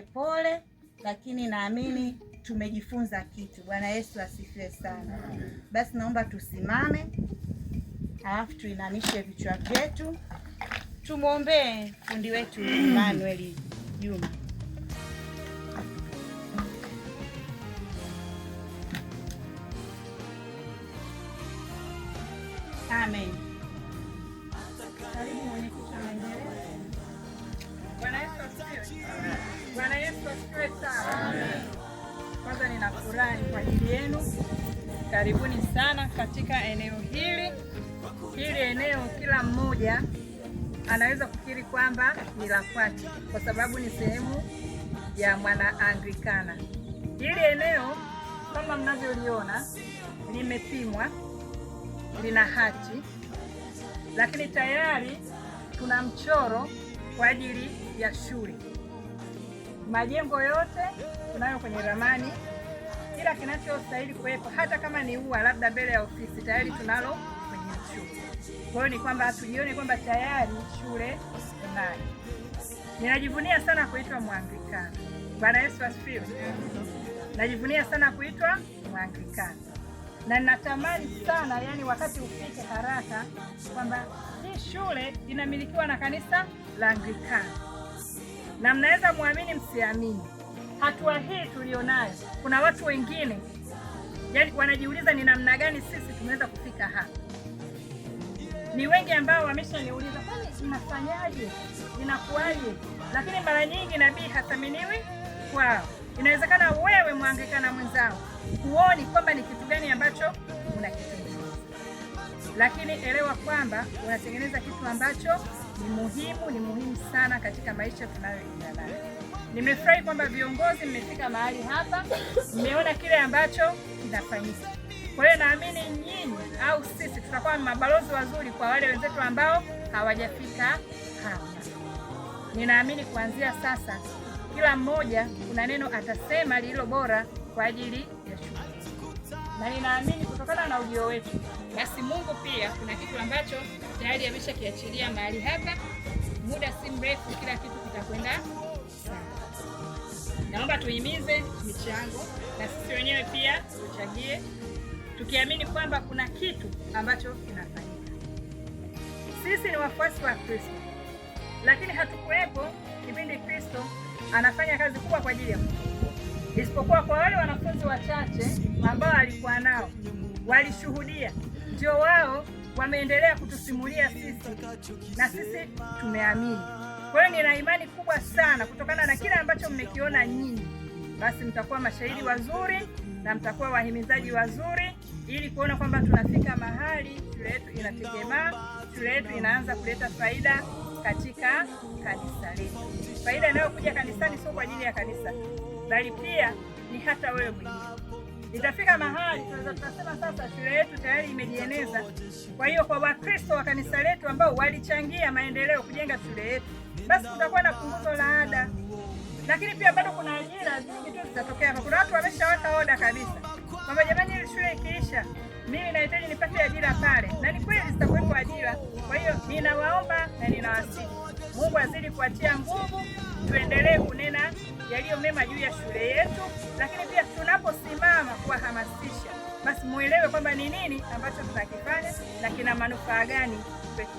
niwape pole, lakini naamini tumejifunza kitu. Bwana Yesu asifiwe sana. Basi naomba tusimame, alafu tuinamishe vichwa vyetu, tumwombee fundi wetu Emmanuel Juma. Amen. Karibu mwenyekiti wa maendeleo. Bwana Yesu asifiwe sana. Kwanza ninafurahi kwa ajili yenu, karibuni sana katika eneo hili. Hili eneo kila mmoja anaweza kufikiri kwamba ni la kwake kwa sababu ni sehemu ya mwana anglikana Hili eneo kama mnavyoliona limepimwa, lina hati, lakini tayari tuna mchoro kwa ajili ya shule. Majengo yote tunayo kwenye ramani, kila kinachostahili kuwepo, hata kama ni ua labda mbele ya ofisi tayari tunalo kwenye shule. Kwa hiyo ni kwamba tujione kwamba tayari shule tunayo. Ninajivunia sana kuitwa Mwanglikana. Bwana Yesu asifiwe. Najivunia sana kuitwa Mwanglikana na natamani sana yani wakati ufike haraka kwamba hii shule inamilikiwa na kanisa la Anglikana, na mnaweza muamini msiamini, hatua hii tulionayo, kuna watu wengine yani wanajiuliza ni namna gani sisi tumeweza kufika hapa. Ni wengi ambao wameshaniuliza kwani inafanyaje, inakuwaje? Lakini mara nyingi nabii hathaminiwi kwao. Inawezekana wewe mwanglikana mwenzao huoni kwamba ni kitu gani ambacho unakitengeneza, lakini elewa kwamba unatengeneza kitu ambacho ni muhimu, ni muhimu sana katika maisha tunayoishi Nimefurahi kwamba viongozi mmefika mahali hapa, mmeona kile ambacho kinafanyika. Kwa hiyo naamini nyinyi au sisi tutakuwa mabalozi wazuri kwa wale wenzetu ambao hawajafika hapa. Ninaamini kuanzia sasa kila mmoja kuna neno atasema lililo bora kwa ajili ya shule na ninaamini kutokana na ujio wetu, basi Mungu pia kuna kitu ambacho tayari ameshakiachilia mahali hapa. Muda si mrefu, kila kitu kitakwenda sawa. Naomba tuhimize michango na sisi wenyewe pia tuchagie, tukiamini kwamba kuna kitu ambacho kinafanyika. Sisi ni wafuasi wa Kristo, lakini hatukuwepo kipindi Kristo anafanya kazi kubwa kwa ajili ya isipokuwa kwa wale wanafunzi wachache ambao alikuwa nao walishuhudia, ndio wao wameendelea kutusimulia sisi na sisi tumeamini. Kwa hiyo nina imani kubwa sana kutokana na kile ambacho mmekiona nyinyi, basi mtakuwa mashahidi wazuri na mtakuwa wahimizaji wazuri, ili kuona kwamba tunafika mahali shule yetu inategemaa, shule yetu inaanza kuleta faida katika kanisa letu. Faida inayokuja kanisani sio kwa ajili ya kanisa bali pia ni hata wewe mwenyewe. Itafika mahali tunaweza tukasema sasa shule yetu tayari imejieneza. Kwa hiyo kwa Wakristo wa kanisa letu ambao walichangia maendeleo kujenga shule yetu, basi kutakuwa na punguzo la ada, lakini pia bado kuna ajira nyingi tu zitatokea Kuna watu wameshaweka oda kabisa kwamba jamani, ile shule ikiisha, mimi nahitaji nipate ajira pale, na ni kweli zitakuwepo ajira. Kwa hiyo ninawaomba na ninawasihi Mungu azidi kuatia nguvu, tuendelee kunena yaliyo mema juu ya shule yetu, lakini pia tunaposimama kuwahamasisha, basi muelewe kwamba ni nini ambacho tunakifanya na kina manufaa gani kwetu.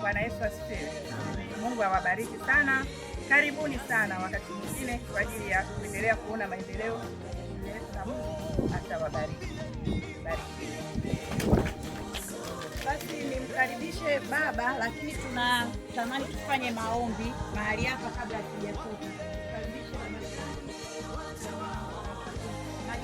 Bwana Yesu asifiwe. Mungu awabariki sana. Karibuni sana wakati mwingine kwa ajili ya kuendelea kuona maendeleo na Mungu atawabariki. Basi nimkaribishe baba, lakini tunatamani tufanye maombi mahali hapa kabla ya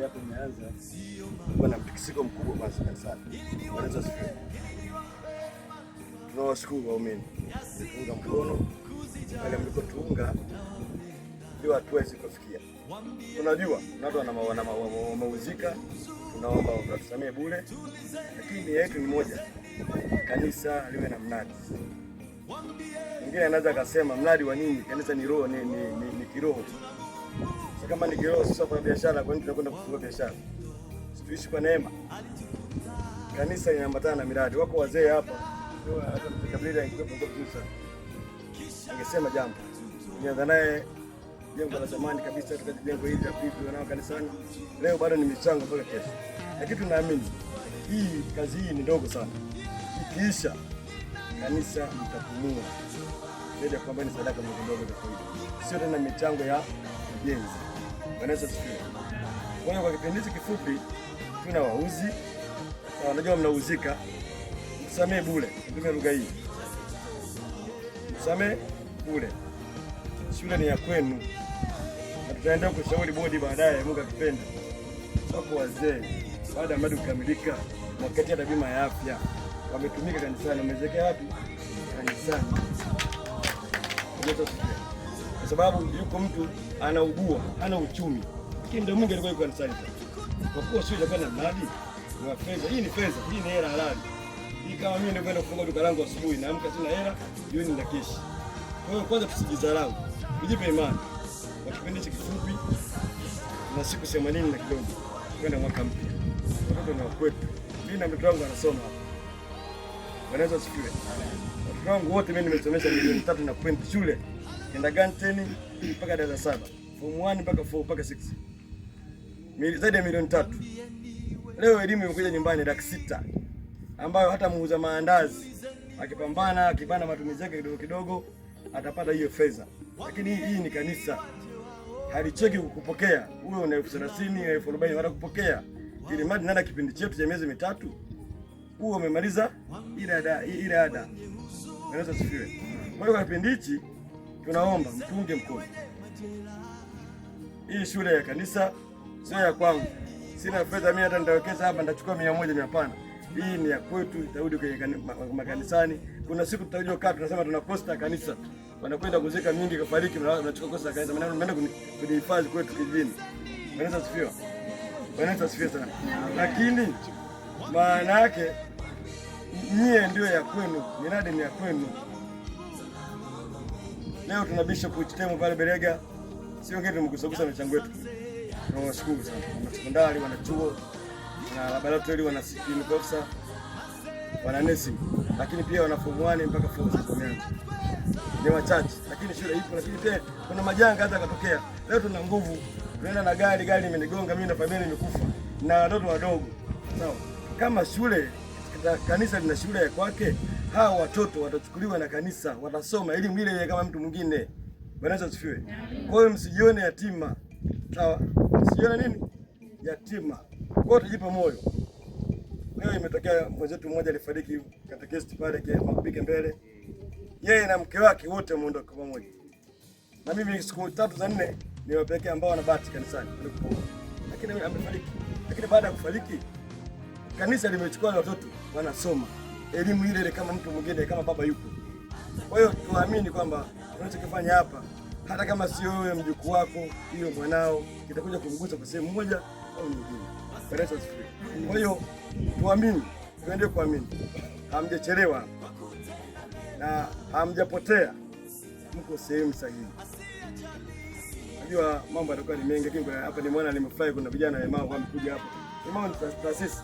hii hapo imeanza kuwa na mtikisiko mkubwa kwanza kanisani. Wanaweza Tunawashukuru waumini. Tunaunga mkono. Wale mlikotuunga ndio hatuwezi kufikia. unajua na watu wana mauzika, tunaomba watusamehe bure, lakini nia yetu ni moja, kanisa liwe na mnadi. Mwingine anaweza akasema mradi wa nini? Kanisa ni roho, ni, ni, ni, ni kiroho sasa kama ni kiroho sasa kwa biashara, kwa nini tunakwenda kufungua biashara? Situishi kwa neema. Kanisa inaambatana na miradi. Wako wazee hapa, angesema jambo. Nianza naye jengo la zamani kabisa katika jengo hili la bibi wanao kanisani. Leo bado ni michango pale kesho, lakini tunaamini hii kazi hii ni ndogo sana, ikiisha kanisa mtapumua, kwamba ni sadaka ndogo ndogo, kweli. sio tena michango ya ujenzi. Wanaweza sikia. Kwa hiyo kwa kipindi hiki kifupi tuna wauzi na wanajua mnauzika. Msamee bure, tumia lugha hii. Msamee bure. Shule ni ya kwenu. Na tutaendelea kushauri bodi baadaye, Mungu akipenda. Soko wazee baada ya mradi kukamilika na kati ya bima ya afya wametumika kanisani, wamezekea wapi? Kanisani kwa sababu yuko mtu anaugua, hana uchumi, lakini ndio Mungu alikuwa yuko kanisani. Kwa kuwa sio itakuwa na mradi wa fedha, hii ni fedha, hii ni hela halali. Ikawa mimi ndio kwenda kufunga duka langu asubuhi, naamka sina hela, jioni na keshi. Kwa hiyo kwanza tusijidharau, tujipe imani. Kwa kipindi hiki kifupi na siku 80 na kidogo kwenda mwaka mpya, watoto na wakwetu, mimi na mtoto wangu anasoma hapa, wanaweza sikiwe watoto wangu wote, mimi nimesomesha milioni tatu na kwenda shule kindergarten mpaka darasa saba, form 1 mpaka 4 mpaka 6, zaidi ya milioni tatu. Leo elimu imekuja nyumbani laki sita, ambayo hata muuza maandazi akipambana akibana matumizi yake kidogo kidogo atapata hiyo fedha, lakini hii ni kanisa halicheki kukupokea. Uwe una elfu thelathini elfu arobaini watakupokea ili madi nada kipindi chetu cha miezi mitatu uwe umemaliza ile ada, ile ada. Kwa hiyo kipindi hichi tunaomba mtunge mkono. Hii shule ya kanisa sio ya kwangu, sina fedha mimi hata nitawekeza hapa, nitachukua mia moja mia pana. Hii ni ya kwetu, itarudi kwenye makanisani. Kuna siku tutajua kaa, tunasema tuna posta kanisa, wanakwenda kuzika mingi kafariki, tunachukua ya kanisa, maana mnaenda kujihifadhi kwetu kijini. Wanaweza asifiwe, wanaweza asifiwe sana, lakini maana yake nyie ndio ya kwenu, miradi ni ya kwenu. Leo tuna Bishop Chitemo pale Berega, sio wengine tumekusagusa na changu yetu. Tunawashukuru sana wana sekondari, wana chuo na laboratory, wana sikini profesa, wana nesi, lakini pia wana form 1 mpaka form 4 ni wachache, lakini shule ipo. Lakini pia kuna majanga hata katokea. Leo tuna nguvu, tunaenda na gari, gari imenigonga mimi na familia imekufa na watoto wadogo, sawa. Kama shule kanisa lina shule ya kwake hawa watoto watachukuliwa na kanisa, watasoma elimu ile ile kama mtu mwingine. Bwana asifiwe. Kwa hiyo msijione yatima, sawa? Msijione nini yatima, kwa tujipe moyo. Leo imetokea mwenzetu mmoja alifariki katika kesi pale kwa mapiga mbele, yeye na mke wake wote wameondoka pamoja, na mimi siku tatu za nne ni wapeke ambao wana bahati kanisani, lakini amefariki. Lakini baada ya kufariki, kanisa limechukua watoto wanasoma elimu ile ile kama mtu mwingine, kama baba yupo. Kwa hiyo tuamini kwamba unachokifanya hapa, hata kama sio wewe, mjukuu wako, hiyo mwanao, kitakuja kumgusa kwa sehemu moja au nyingine. Kwa hiyo tuamini, tuende kuamini, hamjachelewa na hamjapotea, mko sehemu sahihi. Najua mambo yatakuwa ni mengi, lakini hapa nimeona nimefurahi, kuna vijana wamekuja hapa, taasisi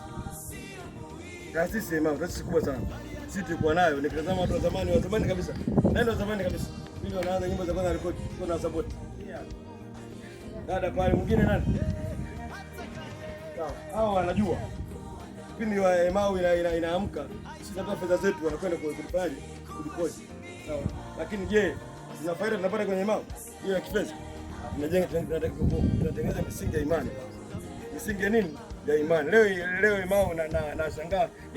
taasisi imam, taasisi kubwa sana. Sisi tulikuwa nayo nikitazama watu wa zamani, wa zamani kabisa. Nani wa zamani kabisa? Mimi wanaanza nyimbo za kwanza rekodi, na support. Dada pale mwingine nani? Sawa. Hao wanajua. Kipindi wa Emau ina, ina, inaamka. Sisi tunapata fedha zetu wanakwenda kwa kulipali, kulikodi. Sawa. Lakini je, zina faida tunapata kwenye Emau? Hiyo ya kifedha. Tunajenga tunatengeneza misingi ya imani. Misingi ya nini? ya Imani. Leo leo imau na na, na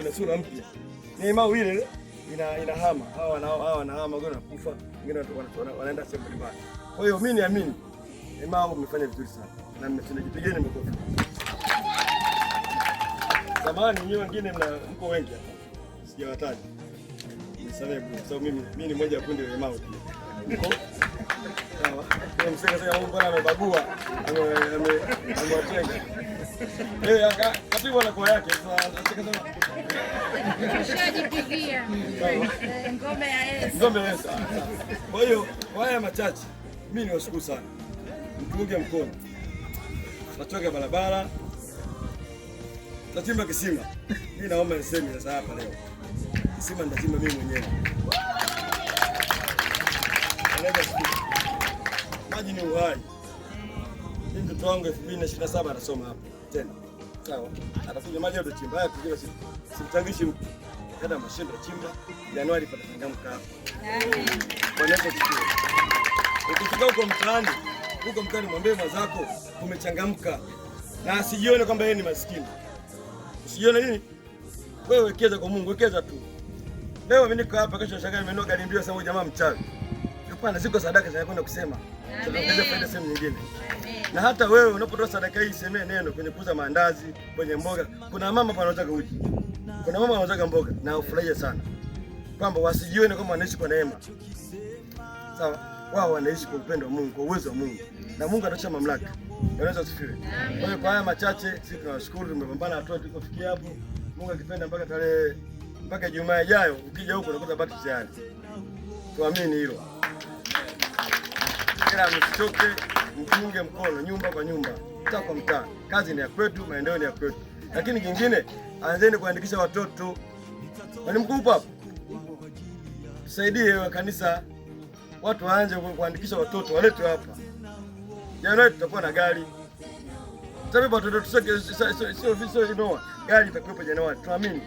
ina sura mpya. Ni imau ile ina hama. Hawa na hawa wanahama, wengine wanakufa, wengine wanaenda sehemu mbalimbali. Kwa hiyo mimi niamini imau umefanya vizuri sana. Na mmechelewa nimekosa. Zamani nyinyi wengine mna mko wengi hapa. Sijawataja. Nisamehe kwa sababu mimi mimi ni mmoja wa kundi la Imao pia. Sawa. Msenge sasa mbona amebagua? Amewatenga. Eh, katibu ana kwa yake ngome ya esa. Kwa hiyo kwa haya machache, mimi niwashukuru sana, mtuunge mkono, tunachonga barabara, tunachimba kisima. Mimi naomba niseme sasa hapa leo, kisima nitachimba mimi mwenyewe maji ni uhai. Mimi mtoto wangu elfu mbili na ishirini na saba anasoma hapa tena. Sawa. Atakuja maji yote chimba yake kujua sisi. Simtangishi mtu. Kada mashindo chimba Januari patatangamka hapo. Amen. Kwa nafsi hiyo. Ukifika huko mtaani, huko mtaani mwambie mazako kumechangamka. Na asijione kwamba yeye ni maskini. Usijione nini? Wewe wekeza kwa Mungu, wekeza tu. Leo mimi niko hapa, kesho shangaa nimenoa gari sasa jamaa mchawi. Hapana, ziko sadaka zinakwenda kusema tunaweza kwenda sehemu nyingine. Na hata wewe unapotoa sadaka hii, semee neno kwenye kuuza maandazi, kwenye mboga. Kuna mama anauza uji, kuna mama anauza mboga, na ufurahia sana kwamba wasijione kama wanaishi kwa neema, sawa? Wao wanaishi kwa upendo wa Mungu, kwa uwezo wa Mungu, na Mungu anatosha mamlaka. Unaweza usifiwe. Kwa hiyo kwa haya machache, sisi tunawashukuru, tumepambana hatua tulikofikia hapo. Mungu akipenda, mpaka tarehe mpaka Ijumaa ijayo, ukija huko unakuta bati tayari. Tuamini hilo kila msichoke, mfunge mkono, nyumba kwa nyumba, mtaa kwa mtaa. Kazi ni ya kwetu, maendeleo ni ya kwetu. Lakini kingine, anzeni kuandikisha watoto. Mwalimu mkuu hapa, tusaidie kanisa, watu waanze kuandikisha watoto, waletwe hapa. Jana tutakuwa na gari sababu watoto sio inoa, gari itakuwepo Januari, tuamini.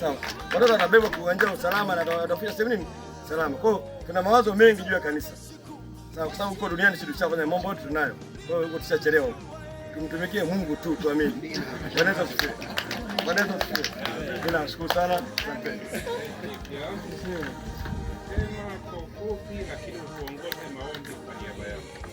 Sawa, watoto watabeba kuanzia usalama na watafia sehemu nini salama. Kwa hiyo tuna mawazo mengi juu ya kanisa kwa sababu huko duniani sisi tushafanya mambo yote tunayo. Kwa hiyo tushachelewa, tumtumikie Mungu tu, tuamini. Wanaweza wanaweza Bila Ninashukuru sana, asante kwa lakini uongoze maombi kwa niaba yako.